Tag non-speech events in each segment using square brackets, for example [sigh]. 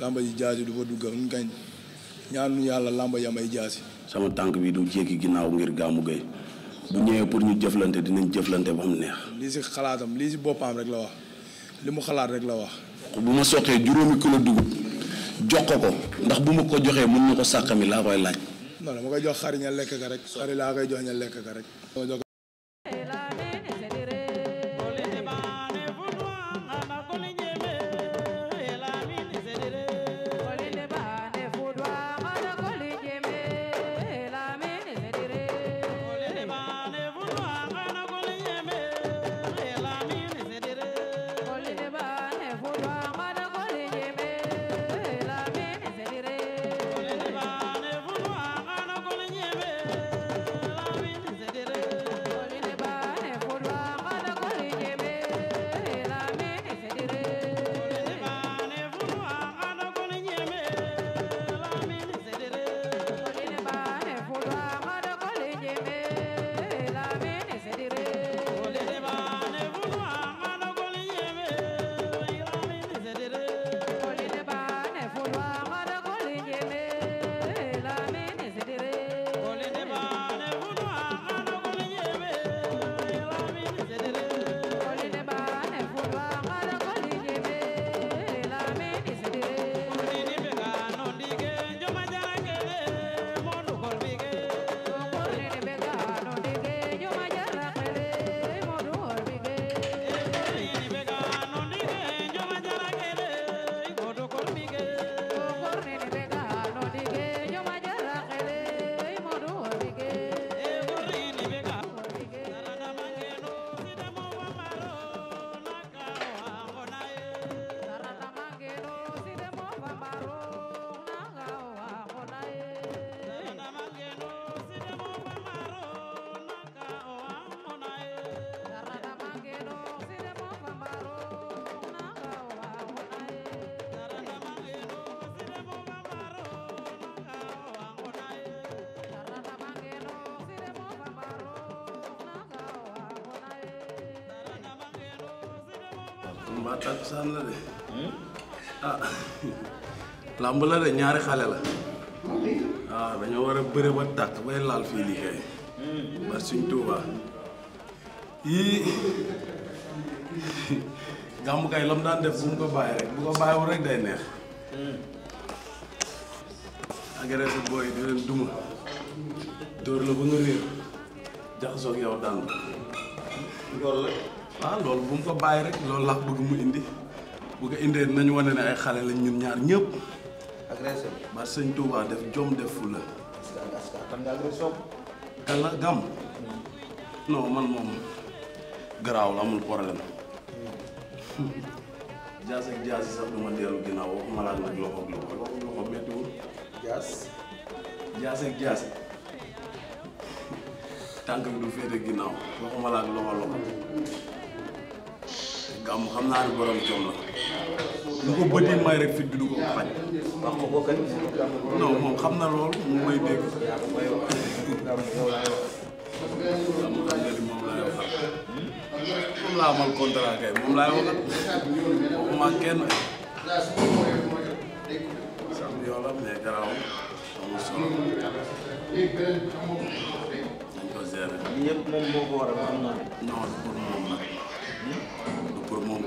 lamba ji jaasi du fa dugga nun kañ ñaanu yàlla lamba ji am ay jaasi sama tànk bi du jéggi ginnaaw ngir gàmmu gay bu ñëwee pour ñu jëflante dinañ jëflante ba mu neex lii si xalaatam lii si boppam rek la wax li mu xalaat rek la wax bu ma soqee juróomi kilo dugub jox ko ko ndax bu ma ko joxee mën na ko sàkkami laa koy laaj non dama koy jox xari lekk ka rek xari laa koy jox ña lekk ka rek mbaa takkusaan la de. Ah. làmb la de ñaari xale la. waaw ah, dañoo war a bëre ba tàkk bay laal fii liggéey. ba suñ Tuuba yii kay la daan def bu mu ko bàyyi rek bu ko bàyyiwul rek day neex. agressé booy di leen duma dóor la ba nga réer jaxasoo ak yow daan ah loolu bu mu ko bàyyi rek loolu laa bëgg mu indi bu ko indee nañu wane ne ay xale lañ ñaar ñëpp. agressé ba sëñ Touba def jom def fu la. kan la man moom garaawul amul problème. Hmm. jaas ak jaas sax du ma dellu ginnaaw waxuma laa loxo loxo. am xam naa ne borom jom la lu ko bëti may rek fit bi du ko ko ko kan moom xam na loolu mu may dégg moom laa yor moom laa amal contrat kay moom laa yor waxuma kenn. sax bi yow la mais garaaw amul moom moo ko waral. non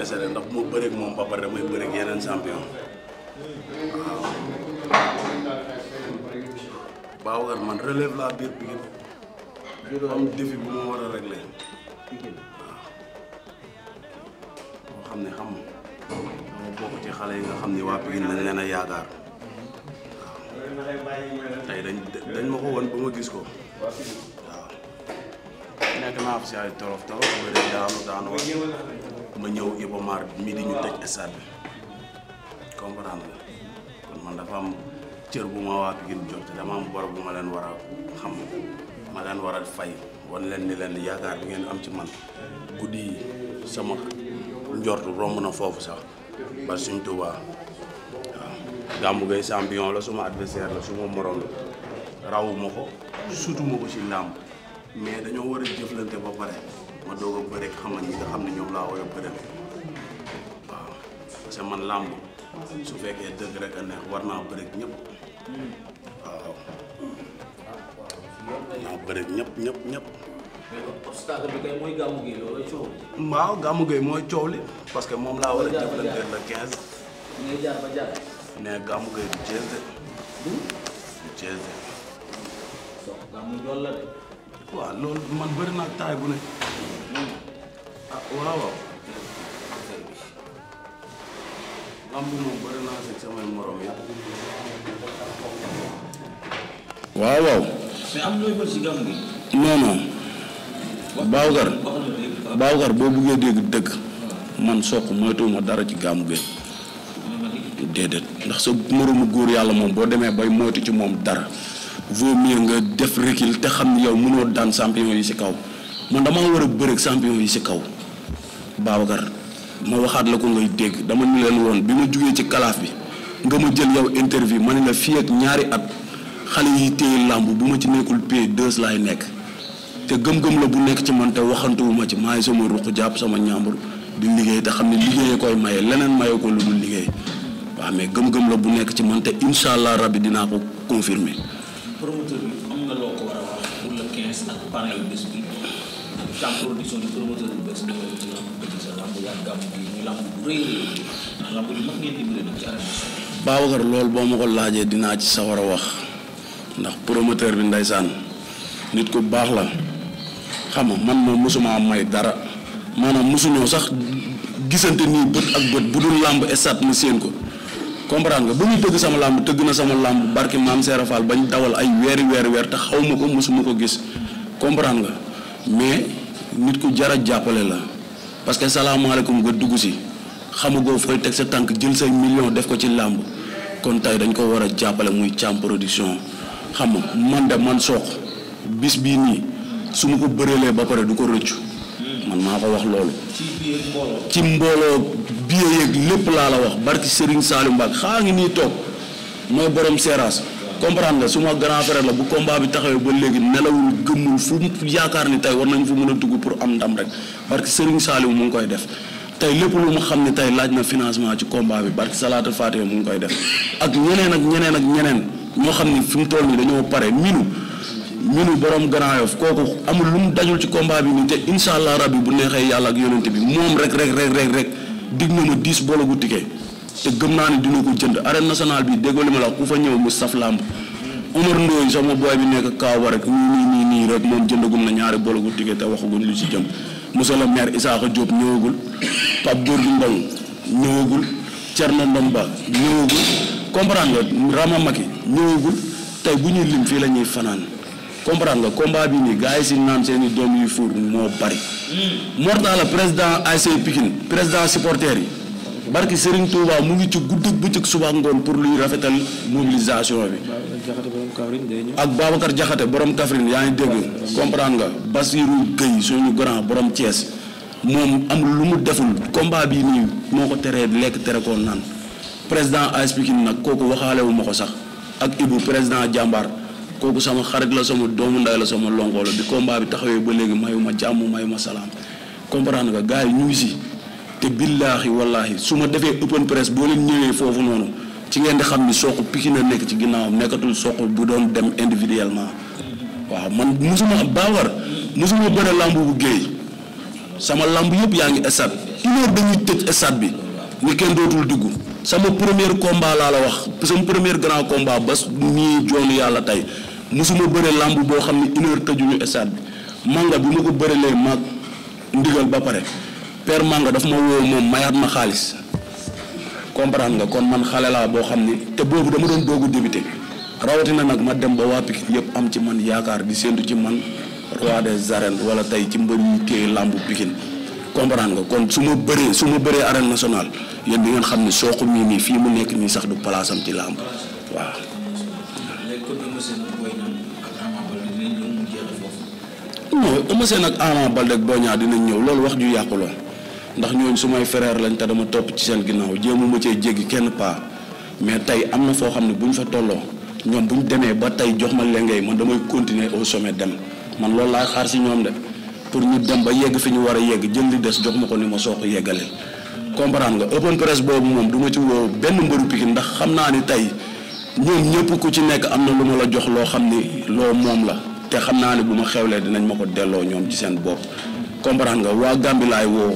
kese la ndax bu ma moom ba pare damay bëreeg yeneen champion waaw. Babacar man relève laa biir Pikine bu war a waaw boo xam ne xam nga bokk ci xale yi nga xam ni waa Pikine lañ leen a yaakaar waaw tey dañ dañ ma ko woon ba ma gis ko. nekk naa fi si ay torof torof ba def daanu daanu ma ñëw Iba Mar mii di ñu tëj stade bi comprendre nga kon man dafa am cër bu ma waa Pikine jox te dama am bor bu ma leen war a xam ma leen war a fay wan leen ni leen yaakaar bi ngeen am ci man guddi yi sama njort romb na foofu sax ba suñ Tuubaa waaw Gamou Gueye la suma adversaire la suma moroom la rawuma ko sutuma ko ci làmb mais dañoo war a jëflante ba pare ma doog a bëre xamal ñi nga xam ne ñoom laa war a bëreel waaw parce man làmb su fekkee dëgg rek a neex war naa bëre ak ñëpp waaw. ñëpp ñëpp ñëpp. mais obstacle mooy waaw gàmmu gi mooy coow li parce que moom laa war a jëflante le 15. ngay mais gàmmu gi du Thiès de. Hmm? du Thiès de. waaw loolu man bëri naa taay bu ne ah waaw boo buggee dégg dëgg man soq moytuwuma dara ci gàmm gi déedéet ndax sa moromu góor yàlla moom boo demee bay moytu ci moom dara vaut mieux nga def recul te xam ne yow mënoo daan champion yi si kaw man damaa war a bëreeg champion yi si kaw Babacar ma waxaat la ko ngay dégg dama ñu leen woon bi ma jugee ci kalaaf bi nga ma jël yow interview ma ne la fii ak ñaari at xale yi téye làmb bu ma ci nekkul pay deux lay nekk te gëm-gëm la bu nekk ci man te waxantuwu ma ci maa ngi sama ruq jàpp sama ñaambur di liggéey te xam ne liggéeyee koy maye leneen maye ko lu mu liggéey waaw mais gëm-gëm la bu nekk ci man te incha allah dinaa ko confirmer promoteur bi am loolu boo ma ko laajee dinaa ci sawar a wax ndax promoteur bi ndeysaan nit ku baax la xam nga man ma mosuma may dara maanaam mosuñoo sax gisante nii bët ak bët bu dul làmb estat ma séen ko comprendre nga ba muy tëgg sama làmb tëgg na sama làmb barki maam Seera Fall bañ dawal ay weeri weer weer te xaw ma ko mosuma ko gis comprendre nga mais nit ku jar a jàppale la parce que salaamaaleykum nga dugg si xamagoo fooy teg sa tànk jël say million def ko ci làmb kon tey dañ ko war a jàppale muy Thiam Production xam nga man de man Sokh bis bii nii su ma ko bëreelee ba pare du ko rëccu man maa ko wax loolu. ci mbooloo. ci mbooloo biye yeeg lépp laa la wax barki Serigne Saliou Mbacke xaa ngi nii toog mooy borom seeraas comprendre nga ma grand frère la bu combat bi taxawee ba léegi nelawul gëmmul fu yaakaar ni tey war nañ fu mën a dugg pour am ndam rek barki Serigne Saliou mu ngi koy def tey lépp lu mu xam ne tey laaj na financement ci combat bi barki Salatul Fatiha mu ngi koy def ak ñeneen ak ñeneen ak ñeneen ñoo xam ni fi mu toll nii dañoo pare minu minu borom Grand Yoff kooku amul lu mu dajul ci combat te incha allah rabbi bu neexee yàlla ak yonent bi moom rek rek rek rek rek. dig na ma dix gu ticket te gëm naa ne dina ko jënd arène nationale bi déggoo li ma la ku fa ñëw mu saf làmb Omar Ndoye sama boy bi nekk Kaaba rek nii nii nii rek moom jëndagum na ñaari bolo gu ticket te waxaguñ lu ci jëm monsieur le maire Isaaxa Diop ñëwagul Pape Gorgui Ndong ñëwagul Thierno Ndomba ñëwagul comprendre nga Rama Maki ñëwagul tey bu ñuy lim fii la ñuy fanaan comprendre nga combat bi nii gars yi si naan seen i doom yu fuur moo bari. Hmm. Mortala la président ASC Pikine président supporter yi barki Serigne Touba mu ngi ci guddi bëccëg suba ngoon pour luy rafetal mobilisation bi. ak Babacar Diakhaté borom Kaffrine yaa ngi dégg. comprendre nga Basirou Gueye suñu grand borom Thiès moom am lu mu deful combat bi nii moo ko teree lekk tere ko naan président ASC Pikine nag kooku waxaale ko sax ak Ibou président jàmbaar kooku sama xarit la sama doomu nday la sama longoo la bi combat bi taxawee ba léegi mayu ma jàmm mayu ma salaam comprendre nga gars yi ñu ngi si te billaahi wallaahi su ma defee open press boo leen ñëwee foofu noonu ci ngeen di xam ni soq piki na nekk ci ginnaawam nekkatul soq bu doon dem individuellement waaw man musuma baawar musuma bëre lamb bu géey sama lamb yëpp yaa ngi stade une dañuy tëj stade bi ni kenn dootul dugg sama premier combat laa la wax sama premier grand ba nii yàlla tey ni su ma bëree làmb boo xam ne une heure tëjuñu stade bi manga bi ma ko bërelee maag ndigal ba pare père manga daf ma woo moom mayaat ma xaalis comprendre nga kon man xale laa boo xam ne te boobu dama doon doogu débuté rawatina nag ma dem ba waa Pikine yëpp am ci man yaakaar di séentu ci man roi des arènes wala tey ci mbër yu téye làmbu Pikine comprendre nga kon su ma bëree su ma bëree arène nationale yéen di ngeen xam ne sooxu mii nii fii mu nekk nii sax du palaasam ci làmb waaw. non Eumeu Sène ak Ama Baldé ak Boy Niang dinañ ñëw loolu wax ju yàqu la ndax ñooñu sumay frère lañ te dama topp ci seen ginnaaw jéemuma cee jéggi kenn paa mais tey am na foo xam ne bu ñu fa tolloo ñoom bu demee ba tey jox ma lengay man damay continuer au sommet dem man loolu laa xaar si ñoom de pour ñu dem ba yegg fi ñu war a yegg jël li des jox ma ko ni ma soo ko yeggalee comprendre nga open press boobu moom du ma ci woo benn mbëru Pikine ndax xam naa ni tey ñoom ñëpp ku ci nekk am na lu ma la jox loo xam ni loo moom la te xam naa ne bu ma xewlee dinañ ma ko delloo ñoom ci seen bopp comprendre nga waa Gambie laay woo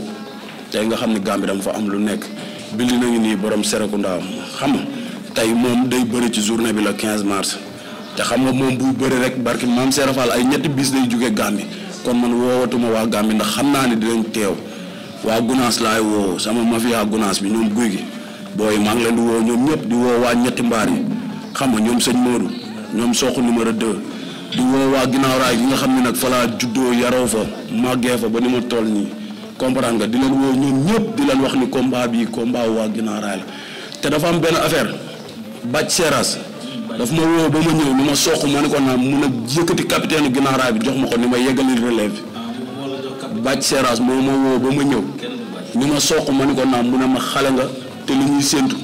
tey nga xam ne Gambie dama fa am lu nekk bindi nañu nii borom Serekunda xam tey moom day bëri ci journée bi le 15 te xam nga moom buy bëri rek barki maam Serafal ay ñetti bis lay jóge Gambie kon man woowatuma waa Gambie ndax xam naa ne dinañ teew waa Gunaas laay woo sama mafia Gunaas bi ñoom guy gi booy maa ngi leen di woo ñoom ñëpp di woo waa ñetti mbaar yi xam nga ñoom sëñ Modou ñoom soxu numéro 2. di woo waa ginnaaw raay yi nga xam ne nag fa laa juddoo yaroo fa màggee fa ba ni ma tool nii comprendre nga di leen woo ñoom ñëpp di leen wax ni combat bi combat waa ginnaaw raay la te dafa am benn affaire bàcc seeraas daf ma woo ba ma ñëw ni ma soq ma ne ko mun a yëkkati capitaine ginnaaw bi jox ma ko ni ma yeggali relève bi bàcc seeraas moo ba ma ñëw ni ma soq ma ne ko naa mun a ma xale nga te li ñuy séentu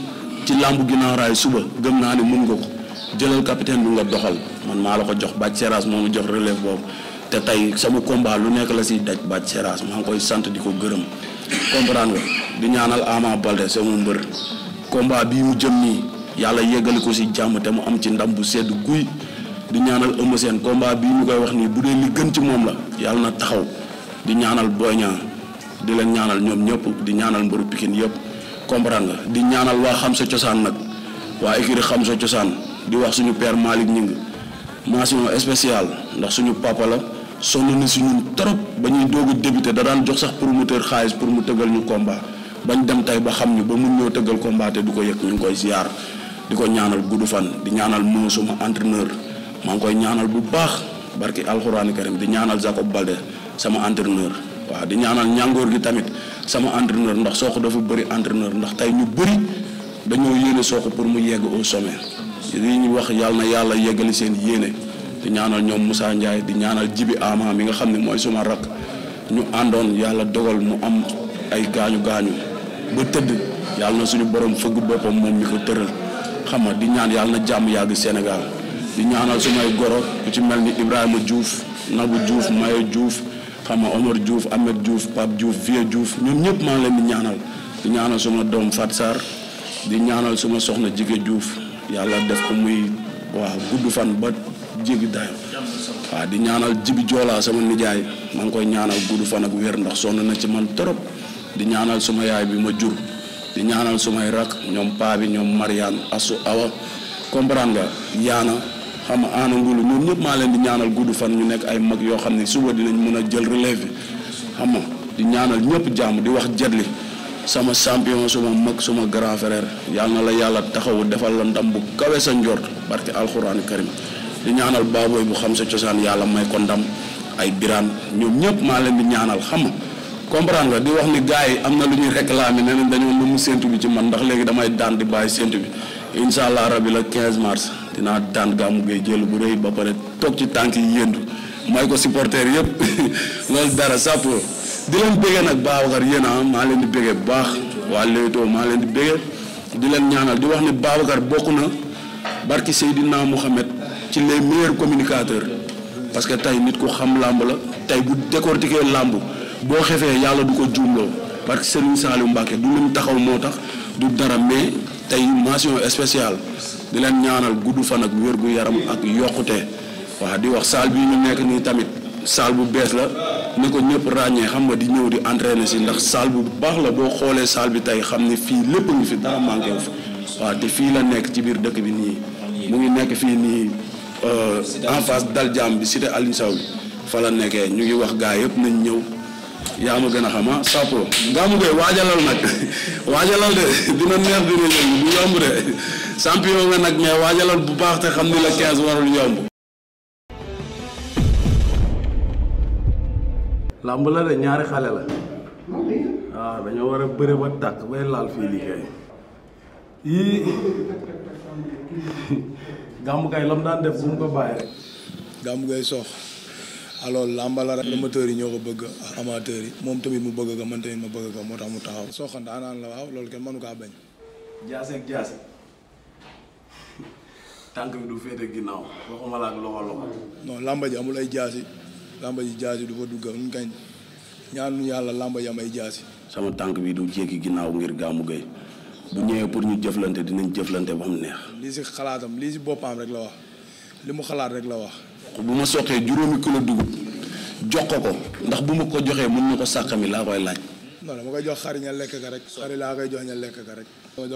ci làmbu ginnaaw raay suba gëm naa ne mun nga ko. jëlal capitaine bi nga doxal man maa la ko jox Bathie Seras moo ma jox relève boobu te tey sama combat lu nekk la si daj Bathie Seras maa ngi koy sant di ko gërëm comprendre di ñaanal Ama Baldé sama mbër combat bii mu jëm nii yàlla yeggali ko si jàmm te mu am ci ndam bu sedd guy di ñaanal Eumeu seen combat bii mu koy wax nii bu dee li gën ci moom la yàlla na taxaw di ñaanal Boy Niang di leen ñaanal ñoom ñëpp di ñaanal mbëru Pikine yëpp comprendre nga di ñaanal waa xam sa cosaan nag waa écurie xam sa cosaan di wax suñu père Malick Ñing mention spéciale ndax suñu papa la sonn na si ñun trop ba ñuy doog a débuté da daan jox sax promoteur xaalis pour mu tëggal ñu combat bañ dem tey ba xam ñu ba mun ñoo tëggal combat te du ko yëg ñu ngi koy ziar di ko ñaanal gudd fan di ñaanal moo suma entraîneur maa ngi koy ñaanal bu baax barki alxuraani karim di ñaanal Jacob Balde sama entraîneur waaw di ñaanal ñàngoor gi tamit sama entraîneur ndax Sokh dafa bëri entraîneur ndax tey ñu bëri dañoo yéene Sokh pour mu yegg au li ñu wax yàlla na yàlla yeggali seen yéene di ñaanal ñoom Moussa Ndiaye di ñaanal Jibi Ama mi nga xam ne mooy suma rak ñu àndoon yàlla dogal mu am ay gaañu gaañu ba tëdd yàlla na suñu borom fëgg boppam moom mi ko tëral xam nga di ñaan yàlla na jàmm yàgg Sénégal di ñaanal sumay goro ku ci mel ni Ibrahima Diouf Nabou Diouf Maye juuf xam nga Omar Diouf Ahmed Diouf Pape Diouf Vieux Diouf ñoom ñëpp maa leen di ñaanal di ñaanal suma doom Fat Sarr di ñaanal suma soxna Jige Diouf yàlla def ko muy waaw gudd fan ba jéggi dayo waaw di ñaanal jibi joolaa sama nijaay maa ngi koy ñaanal gudd fan ak wér ndax sonn na ci man trop di ñaanal suma yaay bi ma jur di ñaanal sumay rak ñoom paa bi ñoom Mariane asu awa comprendre nga yaana xam nga aana ngulu ñoom ñëpp maa leen di ñaanal gudd fan ñu nekk ay mag yoo xam ne suba dinañ mën a jël relève bi xam nga di ñaanal ñëpp jàmm di wax li sama champion suma mag suma grand frère yal na la yàlla taxawu defal la ndam bu kawe sa njort barki alxuraanu karim di ñaanal baabooy bu xam sa cosaan yàlla may ko ndam ay biraan ñoom ñëpp maa leen di ñaanal xam nga comprendre nga di wax ni gars yi am na lu ñuy réclamer nee nañ dañoo lu mu séntu bi ci man ndax léegi damay daan di bàyyi séntu bi incha allah rabi la quinze mars dinaa daan gàmmu gay jël bu rëy ba pare toog ci tànk yi yëndu may ko supporter yëpp [laughs] loolu dara di leen bëggee nag Babacar yéen a maa leen di bëggee bu baax waa Leewtoo maa leen di bëggee di leen ñaanal di wax ne Babacar bokk na barki naa Mouhamed ci le meilleurs communicateur parce que tey nit ku xam làmb la tey bu décortiquer làmb boo xefee yàlla du ko juumloo parce que Serigne Saliou Mbacke du lim taxaw moo tax du dara mais tey mention spéciale di leen ñaanal gudd fan ak wér gu yaram ak yokkute waa di wax saal bii ñu nekk nii tamit saal bu bees la. ni ko ñëpp ràññee xam nga di ñëw di entraîner si ndax salle bu baax la boo xoolee salle bi tey xam ne fii lépp ñu fi dara manqué wu fi waaw te fii la nekk ci biir dëkk bi nii mu ngi nekk fii nii euh, en face dal jaam bi si Aline Sow bi fa la nekkee ñu ngi wax gaa yëpp nañ ñëw yaa ma gën a xam ah Sapo ngaa mu koy waajalal nag [laughs] waajalal de [laughs] dina neex dina yomb bu yomb de [laughs] champion nag mais waajalal bu baax te xam ni la 15 warul yomb. làmb la de ñaari xale la. waaw ah, dañoo war a bëre ba tàkk bay laal fii liggéey yii [laughs] Gamou Gueye la mu daan def bu ko bàyyi rek. Gamou Gueye Sokh alors la rek amateurs yi ñoo ko bëgg amateurs yi moom tamit mu bëgg ko man tamit ma bëgg ko moo tax mu taxaw. Sokh daanaan la waaw loolu kenn mënu kaa bañ. jaase ak jaase [laughs] tànk bi du féete ginnaaw waxuma la ak loxo loxo. non làmba jaasi. lamba ji jaasi du fa duggal ñun kañ ñaanu yàlla lamba yam ay jaasi. sama tànk bi du jéggi ginnaaw ngir gàmmu gay bu ñëwee pour ñu jëflante dinañ jëflante ba mu neex. lii si xalaatam lii si boppam rek la wax li mu xalaat rek la wax. bu ma soqee juróomi kilo dugub jox ko ndax bu ma ko joxee mën na ko sàkkami laa koy laaj. non dama koy jox xari lekk ka rek. xari laa koy jox ña lekk ka rek.